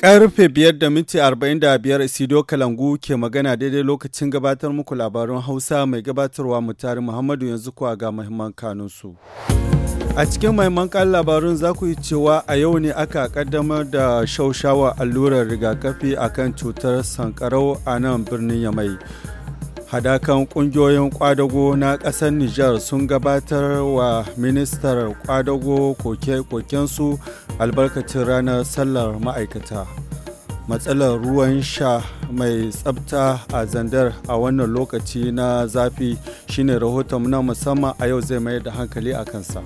Karfe biyar da minti arba'in da biyar Kalangu ke magana daidai lokacin gabatar muku labarun Hausa mai gabatarwa mutari Muhammadu yanzu kuwa ga mahimman kanunsu. A cikin mahimman kan labarun za ku yi cewa a yau ne aka kaddamar da shaushawa allurar rigakafi akan cutar sankarau a nan birnin Yamai. hadakan kungiyoyin kwadago na ƙasar Nijar sun gabatar wa ministar kwadago koke-kokensu albarkacin ranar sallar ma'aikata. Matsalar ruwan sha mai tsabta a zandar a wannan lokaci na zafi shine rahoton na musamman a yau zai mai da hankali a kansa.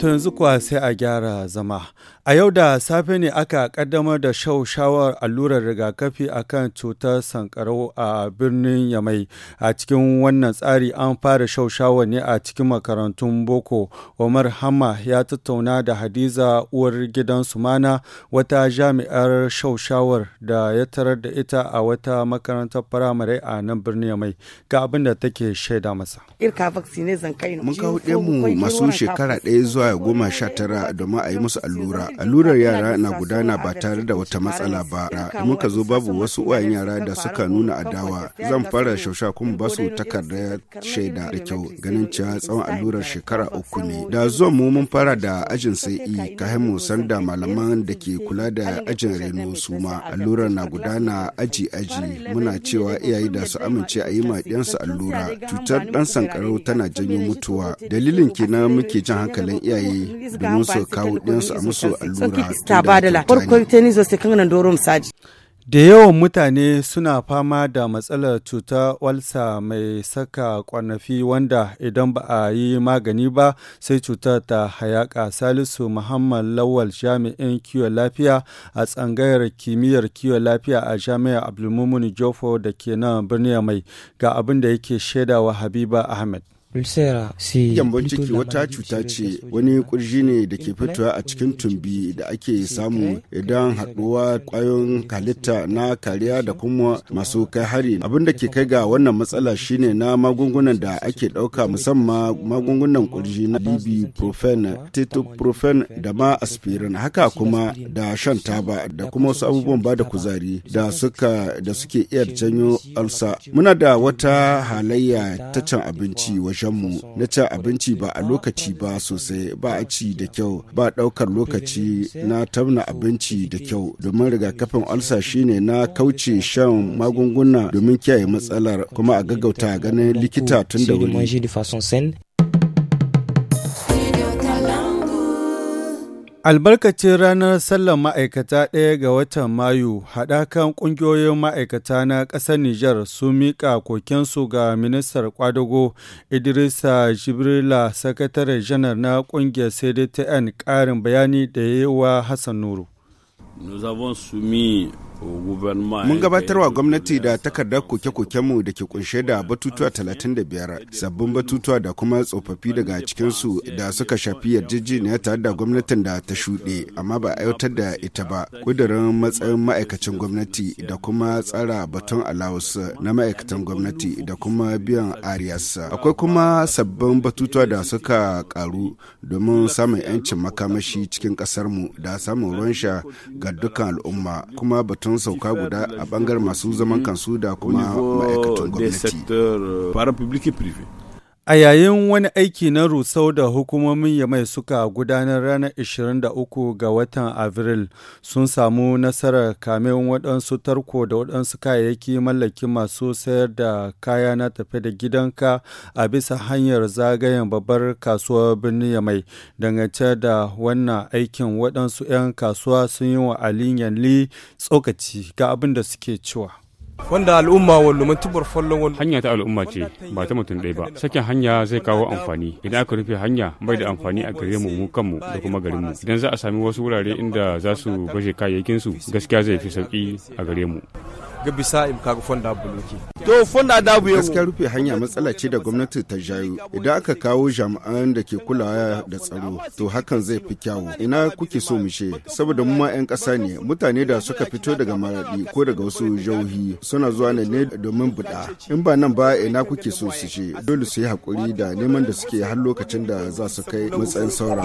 To yanzu kuwa sai a gyara zama. A yau da safe ne aka kaddamar da shawar allurar rigakafi a kan cutar sankarau a birnin Yamai. A cikin wannan tsari an fara shawar ne a cikin makarantun Boko. Omar Hama ya tattauna da Hadiza uwar gidan Sumana wata jami'ar shawar da ya tarar da ita a wata makarantar firamare a nan birnin Yamai. Ga abin da take shaida masa. Mun kawo mu masu shekara ɗaya zuwa goma sha tara domin a yi musu allura allurar yara na gudana ba tare da wata matsala ba da muka zo babu wasu uwayen yara da suka nuna adawa zan fara shausha kuma ba su takardar shaida da kyau ganin cewa tsawon allurar shekara uku ne da zuwa mu mun fara da ajin sai i e, ka mu san da malaman da ke kula da ajin reno su ma allurar na gudana aji aji muna cewa iyaye da su amince a yi ma allura cutar dan sankarau tana janyo mutuwa dalilin kenan muke jan hankalin iyaye yi musu kawo ɗinsu a musu allura da yawan mutane suna fama da matsalar cutar walsa mai saka kwanafi wanda idan ba a yi magani ba sai cutar ta hayaka salisu muhammad lawal jami'in kiwon lafiya a tsangayar kimiyyar kiwon lafiya a jami'ar abdulmumun jofo da ke nan birniya mai ga abin da yake shaidawa habiba ahmed Gyambon ciki wata cuta ce wani kurji ne da ke fitowa a cikin tumbi da ake samu idan haɗuwa ƙwayoyin halitta na kariya da kuma masu kai hari. Abin da ke kai ga wannan matsala shine na magungunan da ake ɗauka musamman magungunan kurji na ibuprofen, tetoprofen da ma aspirin haka kuma da shan taba da kuma wasu abubuwan ba da kuzari da suka da suke iya janyo alsa. Muna da wata halayya ta cin abinci wajen mu na cin abinci ba a lokaci ba sosai ba a ci da kyau ba ɗaukar lokaci na tauna abinci da kyau domin rigakafin alsa shine na kauce shan magunguna domin kiyaye matsalar kuma a gaggauta ganin likita tun da wuri. Albarkacin ranar Sallar Ma'aikata ɗaya ga watan Mayu, haɗakan ƙungiyoyin ma'aikata na ƙasar Nijar sun miƙa kokensu ga Ministar ƙwadago Idrisa Jibrila, Sakatare Janar na ƙungiyar CDTN ƙarin bayani da yi wa Hassan Nuru. Mun gabatarwa gwamnati da takardar koke-kokenmu da ke kunshe da batutuwa 35 sabbin batutuwa da kuma tsofaffi daga cikinsu da suka shafi yarjejeniya tare da gwamnatin da ta shuɗe amma ba a 'yautar da ita ba ƙudurin matsayin ma'aikacin gwamnati da kuma tsara batun alawus na ma'aikatan gwamnati da kuma biyan arias akwai kuma sabbin batutuwa da suka karu domin samun 'yancin makamashi cikin ƙasarmu da samun ruwan sha ga dukkan al'umma kuma batun sun sauka guda a bangar masu zaman kansu da kuma ma'aikatan gwamnati. A yayin wani aiki na rusau da hukumomin Yamai suka gudanar ranar 23 ga watan Avril sun samu nasarar kamen waɗansu tarko da waɗansu kayayyaki mallaki masu sayar da kaya na tafi da gidanka a bisa hanyar zagayen babbar kasuwar birnin Yamai. Dangance da wannan aikin waɗansu 'yan kasuwa sun yi wa Aliyan Li tsokaci ga abin da suke cewa. wanda al'umma wallumin tubar fallon wani hanya ta al'umma ce ba ta mutum ɗaya ba sakin hanya zai kawo amfani idan aka rufe hanya bai da amfani a gare mu mu kanmu da kuma garin mu idan za a sami wasu wurare inda za su baje kayayyakin su gaskiya zai fi sauki a gare mu ga bisa im fonda buluki to fonda da mu gaskiya rufe hanya matsala ce da gwamnati ta jayo idan aka kawo jami'an da ke kulawa da tsaro to hakan zai fi kyawu ina kuke so mu she saboda mu ma yan kasa ne mutane da suka fito daga maradi ko daga wasu jauhi suna zuwa nan ne domin buɗa in ba nan ba ina kuke so su she dole su yi hakuri da neman da suke har lokacin da za su kai matsayin saura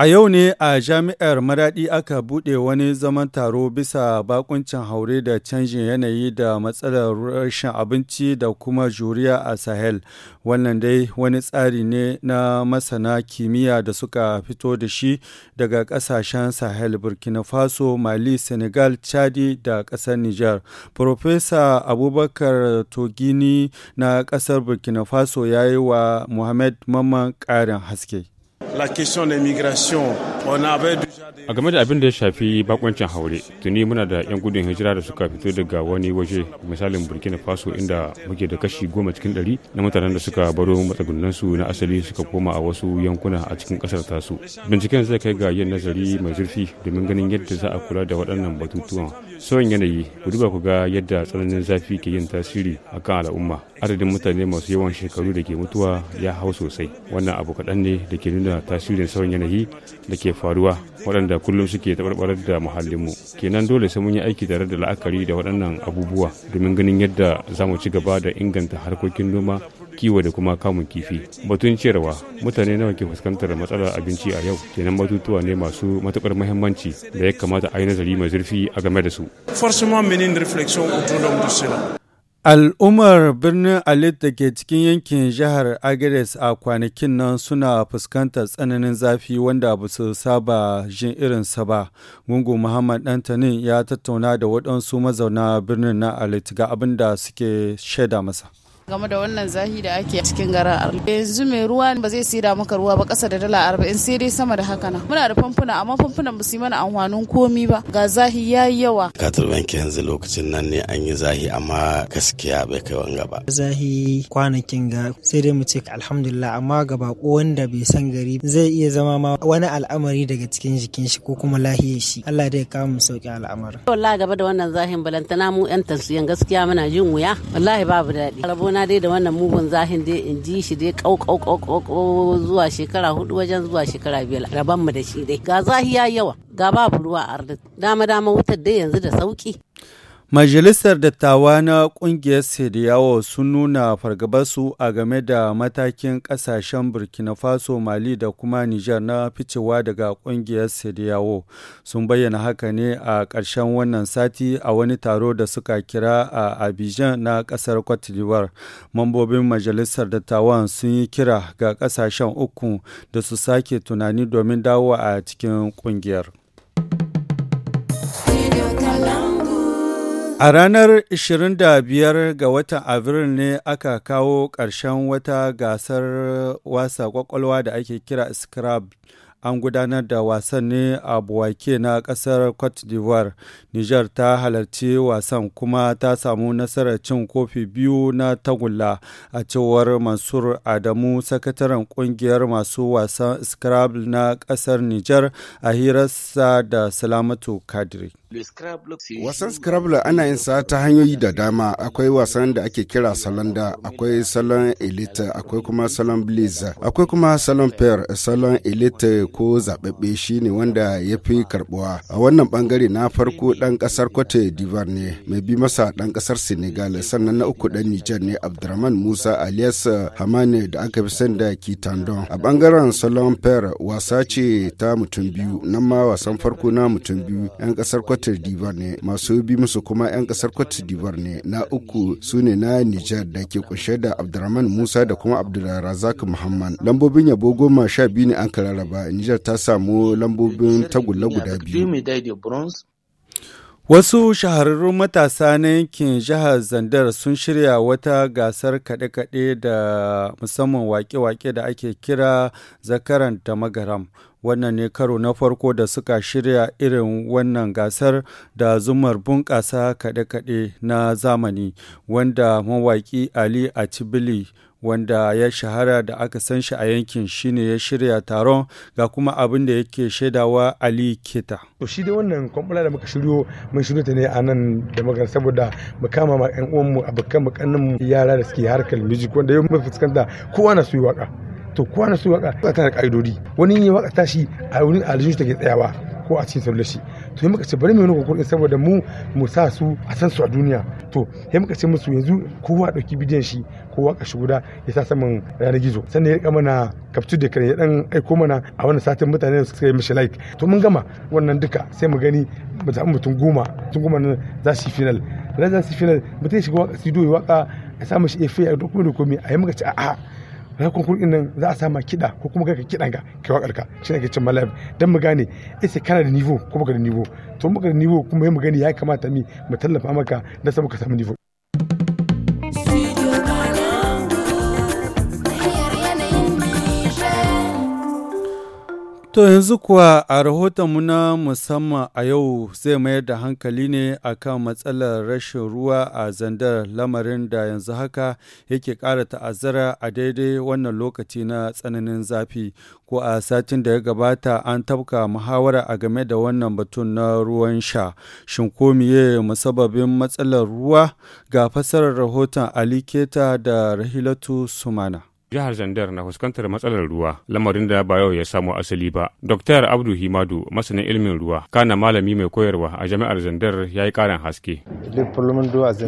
A yau ne a Jami'ar Maraɗi aka buɗe wani zaman taro bisa bakuncin haure da canjin yanayi da matsalar rashin abinci da kuma juriya a Sahel. Wannan dai wani tsari ne na masana kimiyya da suka fito da shi daga ƙasashen Sahel Burkina Faso, Mali, Senegal, Chadi da ƙasar Nijar. Profesa Abubakar Togini na ƙasar Burkina Faso ya yi wa Muhammad Mamman ƙarin haske. A game da abin da ya shafi bakoncin haure, tuni muna da 'yan gudun hijira da suka fito daga wani waje misalin Burkina Faso inda muke da kashi goma cikin ɗari na mutanen da suka baro su na asali suka koma a wasu yankuna a cikin ƙasar tasu. Binciken zai kai ga yin nazari mai zurfi domin ganin yadda za a kula da waɗannan batutuwan. Sauyin yanayi, ku duba ku ga yadda tsananin zafi ke yin tasiri a kan al'umma. Adadin mutane masu yawan shekaru da ke mutuwa ya hau sosai. Wannan abu kaɗan ne da ke nuna tasirin sauyin yanayi da ke faruwa waɗanda kullum suke taɓarɓarar da muhallinmu kenan dole sai mun yi aiki tare da la'akari da waɗannan abubuwa domin ganin yadda za mu ci gaba da inganta harkokin noma kiwo da kuma kamun kifi batun ciyarwa mutane nawa ke fuskantar matsalar abinci a yau kenan batutuwa ne masu matuƙar muhimmanci da ya kamata a yi nazari mai zurfi a game da su. Al'ummar birnin Alit da ke cikin yankin jihar Agres a kwanakin nan suna fuskantar tsananin zafi wanda ba su saba jin irinsa ba. Gungu Muhammad Dantanin ya tattauna da waɗansu mazauna birnin na Alit ga abin da suke shaida masa. game da wannan zahi da ake cikin garin Arli. Yanzu mai ruwa ba zai sida maka ruwa ba kasa da dala arba'in sai dai sama da haka na. Muna da famfuna amma fanfunan ba su yi mana amfanin komi ba ga zahi ya yi yawa. Katar banki yanzu lokacin nan ne an yi zahi amma gaskiya bai kai wanga ba. Zahi kwanakin ga sai dai mu ce alhamdulillah amma ga bako wanda bai san gari zai iya zama ma wani al'amari daga cikin jikin shi ko kuma lahiyar shi. Allah dai kawo mu sauki al'amarin. Wallahi gaba da wannan zahin balantana mu 'yan yan gaskiya muna jin wuya wallahi babu daɗi. Rabona na dai da wannan mugun zahin dai in ji shi dai kau kau kau zuwa shekara hudu wajen zuwa shekara biyar raban mu da shi dai ga zahi yawa ga babu ruwa a dama dama wutar dai yanzu da sauki Majalisar dattawa na ƙungiyar Sediyawo sun nuna fargabarsu a game da matakin ƙasashen Burkina Faso, Mali da kuma Nijar na ficewa daga ƙungiyar Sediyawo. Sun bayyana haka ne a ƙarshen wannan sati a wani taro da suka kira a Abidjan na ƙasar Cote Mambobin majalisar dattawan sun yi kira ga ƙasashen uku da su sake tunani domin dawo a cikin ƙungiyar. A ranar 25 ga watan Abril ne aka kawo ƙarshen wata gasar wasa ƙwaƙwalwa da ake kira Scrabble. An gudanar da wasan ne a Buwake na ƙasar Cote d'Ivoire. Nijar ta halarci wasan kuma ta samu nasarar cin kofi biyu na tagulla a cewar Mansur Adamu, sakataren ƙungiyar masu wasan Scrabble na ƙasar Nijar a hirarsa da Salamatu Kadri. Wasan Scrabble ana yin sa ta hanyoyi da dama akwai wasan da ake kira salon da akwai salon elite akwai kuma salon blitz akwai kuma salon pair salon elite ko zababbe shine wanda ya fi karbuwa a wannan bangare na farko dan kasar Cote d'Ivoire ne mai bi masa dan kasar Senegal sannan na uku dan Niger ne Abdurrahman Musa alias Hamane da aka fi sani da Kitandon a bangaren salon pair wasa ce ta mutum biyu nan ma wasan farko na mutum biyu yan kasar Cote d'Ivoire ne, masu bi musu kuma 'yan kasar Cote d'Ivoire ne, na uku su ne na Nijar da ke kunshe da Abdurrahman Musa da kuma Abdulrazak Muhammad. Lambobin yabo goma sha biyu ne an kararraba, Nijar ta samu lambobin tagulla guda biyu. Wasu shahararrun matasa na yankin jihar Zandar sun shirya wata gasar kaɗe-kaɗe da musamman wake-wake da ake kira zakaran da magaram. wannan ne karo na farko da suka shirya irin wannan gasar da zumar bunƙasa kaɗe-kaɗe na zamani wanda mawaƙi ali a cibili wanda ya shahara da aka san shi a yankin shine ya shirya taron ga kuma abin da yake shaidawa Ali Keta. To shi dai wannan kwamfula da muka shiryo mun shiryo ta ne a nan da magana saboda mu kama ma ƴan uwanmu abokan mu yara da suke harkar music wanda yau mun fuskanta kowa na su yi waka. to kowa na su waka tana da ka'idodi wani yin waka tashi a wurin aljihun take tsayawa ko a cikin sallar shi to yi muka ce bari mu yi kokarin saboda mu mu sa su a san su a duniya to yi muka ce musu yanzu kowa dauki bidiyon shi kowa shi guda ya sa saman yanar gizo sannan ya rika mana kaftu da kare ya dan aiko mana a wannan satin mutane da suka yi mishi like to mun gama wannan duka sai mu gani mu zaɓi mutum goma mutum goma nan za su yi final ran za su yi final mutum ya shiga waka studio ya waka a sa shi efe a da dokumen a yi muka ce a'a za ku nan za a sama kiɗa ko kuma ka kiɗan ka kai wakar ka shi ne ke cin malabi dan mu gane eh, sai kana da nivo ko baka da nivo to baka da nivo kuma yi mu gani ya kamata mi mu tallafa maka na sabu ka samu nivo To yanzu kuwa a rahotonmu na musamman a yau zai mayar da hankali ne a kan matsalar rashin ruwa a zandar lamarin da yanzu haka yake ƙara ta'azzara a daidai wannan lokaci na tsananin zafi ko a satin da ya gabata an tafka muhawara a game da wannan batun na ruwan sha shin ko miye musababin matsalar ruwa ga fasarar rahoton Ali Keta da Rahilatu Sumana. jihar zandar na fuskantar matsalar ruwa lamarin da ba yau ya samo asali ba dr abdu himadu masanin ilimin ruwa kana malami mai koyarwa a jami'ar zandar ya yi karin haske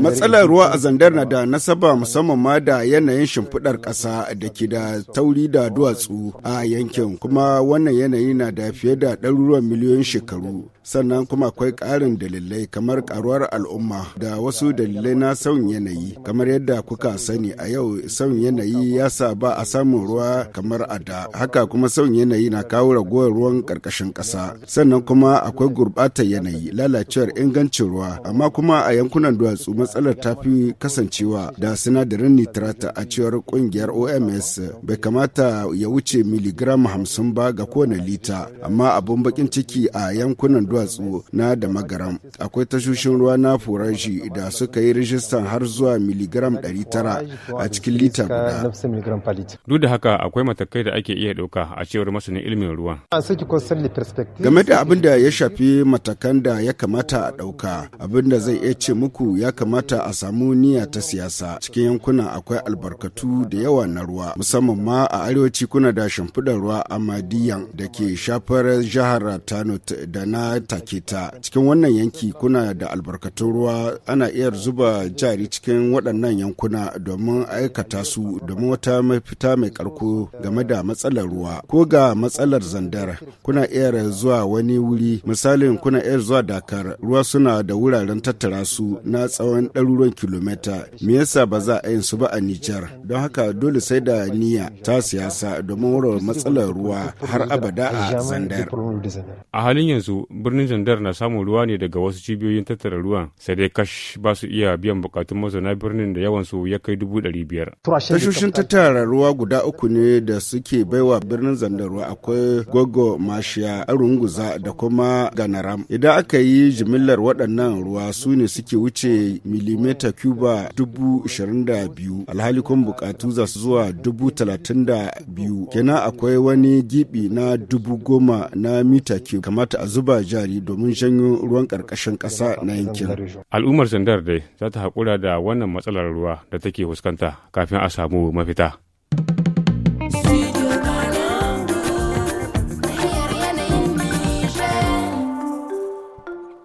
matsalar ruwa a zandar na da nasaba musamman ma da yanayin shimfiɗar ƙasa da ke da tauri da duwatsu a yankin kuma wannan yanayi na da fiye da ɗaruruwan miliyoyin shekaru sannan kuma akwai ƙarin dalilai kamar ƙaruwar al'umma da wasu dalilai na sauyin yanayi kamar yadda kuka sani a yau sauyin yanayi ya sa A ba a samun ruwa kamar a da haka kuma sauyin yanayi na kawo raguwar ruwan karkashin ƙasa sannan kuma akwai gurbatar yanayi lalacewar ingancin ruwa amma kuma a yankunan duwatsu matsalar ta fi kasancewa da sinadarin nitrata a cewar kungiyar oms bai kamata ya wuce miligram hamsin ba ga kowane lita amma abun bakin ciki a yankunan duwatsu na da magaram akwai tashoshin ruwa na furashi da suka yi rijistan har zuwa miligram 900 a cikin lita guda falit. Duk da haka akwai matakai da ake iya ɗauka a cewar masanin ilimin ruwa. Game da abin da ya shafi matakan da ya kamata a ɗauka, abin da zai iya ce muku ya kamata a samu niyya ta siyasa. Cikin yankuna akwai albarkatu da yawa na ruwa, musamman ma a arewaci kuna da shimfiɗar ruwa a Madiyan da ke shafar jihar Tano da na Taketa. Cikin wannan yanki kuna da albarkatun ruwa ana iya zuba jari cikin waɗannan yankuna domin aikata su domin wata mafita mai karko game da matsalar ruwa ko ga matsalar zandara kuna iya zuwa wani wuri misalin kuna iya zuwa dakar ruwa suna da wuraren tattara su na tsawon ɗaruruwan kilomita me yasa ba za a yin su ba a nijar don haka dole sai da niyya ta siyasa domin wurin matsalar ruwa har abada a zandar a halin yanzu birnin zandar na samun ruwa ne daga wasu cibiyoyin tattara ruwan sai dai kash ba su iya biyan bukatun mazauna birnin da yawan su ya kai dubu ɗari biyar tashoshin tattara bangaren ruwa guda uku ne da suke baiwa birnin zandarwa akwai gogo mashiya arunguza da kuma ganaram idan aka yi jimillar waɗannan ruwa su ne suke wuce milimita cuba dubu ishirin da biyu alhali kuma bukatu za su zuwa dubu talatin da biyu kenan akwai wani gibi na dubu goma na mita cube kamata a zuba jari domin janyo ruwan ƙarƙashin ƙasa na yankin al'ummar zandar dai za ta haƙura da wannan matsalar ruwa da take fuskanta kafin a samu mafita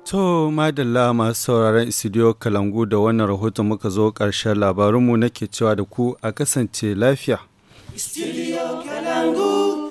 To madalla masu sauraron studio Kalangu da wannan rahoton muka zo ƙarshen labarinmu nake cewa da ku a kasance lafiya. Studio Kalangu.